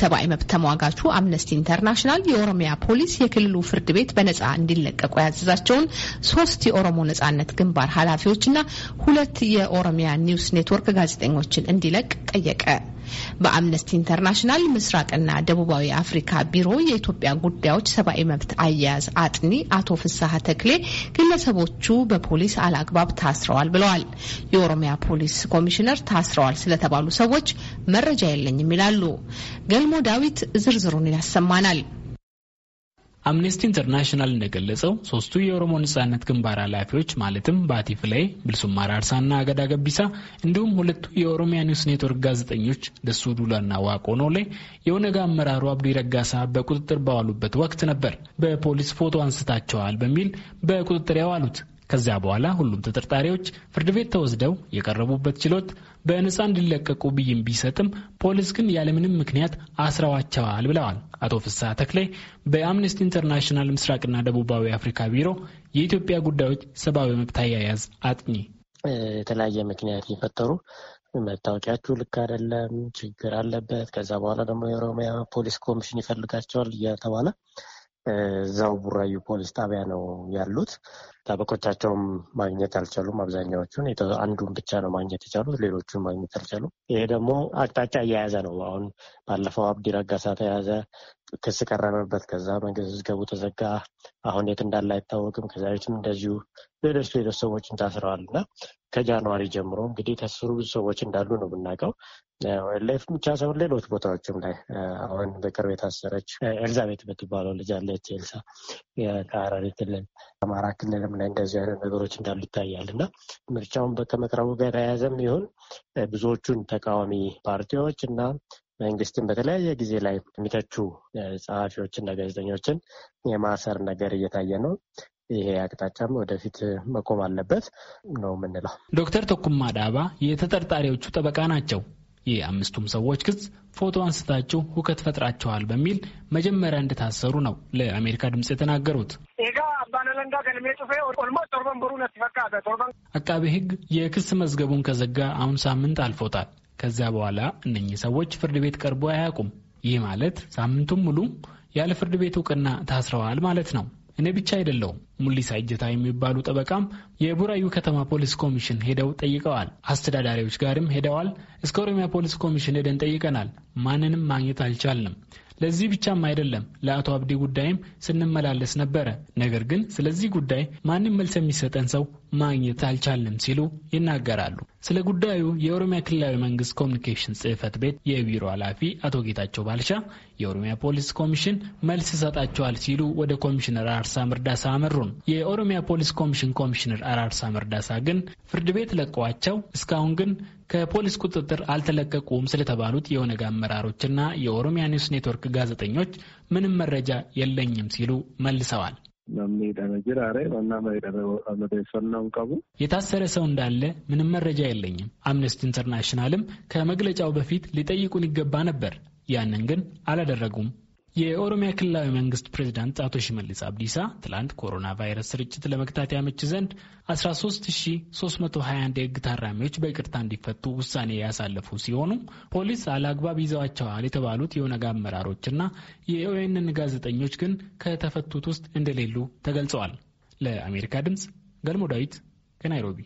ሰብአዊ መብት ተሟጋቹ አምነስቲ ኢንተርናሽናል የኦሮሚያ ፖሊስ የክልሉ ፍርድ ቤት በነጻ እንዲለቀቁ ያዘዛቸውን ሶስት የኦሮሞ ነጻነት ግንባር ኃላፊዎችና ሁለት የኦሮሚያ ኒውስ ኔትወርክ ጋዜጠኞችን እንዲለቅ ጠየቀ። በአምነስቲ ኢንተርናሽናል ምስራቅና ደቡባዊ አፍሪካ ቢሮ የኢትዮጵያ ጉዳዮች ሰብአዊ መብት አያያዝ አጥኒ አቶ ፍስሐ ተክሌ ግለሰቦቹ በፖሊስ አላግባብ ታስረዋል ብለዋል። የኦሮሚያ ፖሊስ ኮሚሽነር ታስረዋል ስለተባሉ ሰዎች መረጃ የለኝም ይላሉ። ገልሞ ዳዊት ዝርዝሩን ያሰማናል። አምነስቲ ኢንተርናሽናል እንደገለጸው ሶስቱ የኦሮሞ ነጻነት ግንባር ኃላፊዎች ማለትም ባቲ ላይ ብልሱማ ራርሳና አገዳ ገቢሳ እንዲሁም ሁለቱ የኦሮሚያ ኒውስ ኔትወርክ ጋዜጠኞች ደሱ ዱላና ዋቆኖ ላይ የኦነግ አመራሩ አብዱ ረጋሳ በቁጥጥር በዋሉበት ወቅት ነበር በፖሊስ ፎቶ አንስታቸዋል በሚል በቁጥጥር ያዋሉት። ከዚያ በኋላ ሁሉም ተጠርጣሪዎች ፍርድ ቤት ተወስደው የቀረቡበት ችሎት በነጻ እንዲለቀቁ ብይን ቢሰጥም ፖሊስ ግን ያለምንም ምክንያት አስረዋቸዋል ብለዋል አቶ ፍስሐ ተክሌ በአምነስቲ ኢንተርናሽናል ምስራቅና ደቡባዊ አፍሪካ ቢሮ የኢትዮጵያ ጉዳዮች ሰብአዊ መብት አያያዝ አጥኚ። የተለያየ ምክንያት የፈጠሩ መታወቂያችሁ ልክ አይደለም፣ ችግር አለበት፣ ከዛ በኋላ ደግሞ የኦሮሚያ ፖሊስ ኮሚሽን ይፈልጋቸዋል እየተባለ እዛው ቡራዩ ፖሊስ ጣቢያ ነው ያሉት። ጠበቆቻቸውም ማግኘት አልቻሉም። አብዛኛዎቹን አንዱን ብቻ ነው ማግኘት የቻሉት፣ ሌሎቹን ማግኘት አልቻሉም። ይሄ ደግሞ አቅጣጫ እየያዘ ነው። አሁን ባለፈው አብዲ ረጋሳ ተያዘ፣ ክስ ቀረበበት፣ ከዛ መንግስት መዝገቡ ተዘጋ። አሁን የት እንዳለ አይታወቅም። ከዛ ቤትም እንደዚሁ ሌሎች ሌሎች ሰዎችን ታስረዋል እና ከጃንዋሪ ጀምሮ እንግዲህ የታሰሩ ብዙ ሰዎች እንዳሉ ነው የምናውቀው። ላይፍ ብቻ ሰው ሌሎች ቦታዎችም ላይ አሁን በቅርብ የታሰረች ኤልዛቤት የምትባለው ልጅ አለች። ኤልሳ ከሐረሪ ክልል አማራ ክልልም ላይ እንደዚህ አይነት ነገሮች እንዳሉ ይታያል እና ምርጫውን ከመቅረቡ ጋር የተያያዘም ይሁን ብዙዎቹን ተቃዋሚ ፓርቲዎች እና መንግስትን በተለያየ ጊዜ ላይ የሚተቹ ጸሐፊዎችና ጋዜጠኞችን የማሰር ነገር እየታየ ነው። ይሄ አቅጣጫም ወደፊት መቆም አለበት ነው የምንለው። ዶክተር ተኩማ ዳባ የተጠርጣሪዎቹ ጠበቃ ናቸው። የአምስቱም ሰዎች ክስ ፎቶ አንስታችሁ ሁከት ፈጥራችኋል በሚል መጀመሪያ እንደታሰሩ ነው ለአሜሪካ ድምፅ የተናገሩት። አቃቤ ሕግ የክስ መዝገቡን ከዘጋ አሁን ሳምንት አልፎታል። ከዚያ በኋላ እነኚህ ሰዎች ፍርድ ቤት ቀርቦ አያውቁም። ይህ ማለት ሳምንቱም ሙሉ ያለ ፍርድ ቤት እውቅና ታስረዋል ማለት ነው። እኔ ብቻ አይደለውም። ሙሊሳ እጀታ የሚባሉ ጠበቃም የቡራዩ ከተማ ፖሊስ ኮሚሽን ሄደው ጠይቀዋል። አስተዳዳሪዎች ጋርም ሄደዋል። እስከ ኦሮሚያ ፖሊስ ኮሚሽን ሄደን ጠይቀናል። ማንንም ማግኘት አልቻልንም። ለዚህ ብቻም አይደለም ለአቶ አብዲ ጉዳይም ስንመላለስ ነበረ። ነገር ግን ስለዚህ ጉዳይ ማንም መልስ የሚሰጠን ሰው ማግኘት አልቻልንም ሲሉ ይናገራሉ። ስለ ጉዳዩ የኦሮሚያ ክልላዊ መንግስት ኮሚኒኬሽን ጽህፈት ቤት የቢሮ ኃላፊ አቶ ጌታቸው ባልቻ የኦሮሚያ ፖሊስ ኮሚሽን መልስ ይሰጣቸዋል ሲሉ ወደ ኮሚሽነር አራርሳ መርዳሳ አመሩን። የኦሮሚያ ፖሊስ ኮሚሽን ኮሚሽነር አራርሳ መርዳሳ ግን ፍርድ ቤት ለቀዋቸው እስካሁን ግን ከፖሊስ ቁጥጥር አልተለቀቁም ስለተባሉት የኦነግ አመራሮችና የኦሮሚያ ኒውስ ኔትወርክ ጋዜጠኞች ምንም መረጃ የለኝም ሲሉ መልሰዋል። የታሰረ ሰው እንዳለ ምንም መረጃ የለኝም። አምነስቲ ኢንተርናሽናልም ከመግለጫው በፊት ሊጠይቁን ይገባ ነበር፣ ያንን ግን አላደረጉም የኦሮሚያ ክልላዊ መንግስት ፕሬዚዳንት አቶ ሽመልስ አብዲሳ ትላንት ኮሮና ቫይረስ ስርጭት ለመግታት ያመች ዘንድ 13321 የህግ ታራሚዎች በይቅርታ እንዲፈቱ ውሳኔ ያሳለፉ ሲሆኑ ፖሊስ አላግባብ ይዘዋቸዋል የተባሉት የኦነግ አመራሮችና የኦኤንን ጋዜጠኞች ግን ከተፈቱት ውስጥ እንደሌሉ ተገልጸዋል። ለአሜሪካ ድምፅ ገልሞ ዳዊት ከናይሮቢ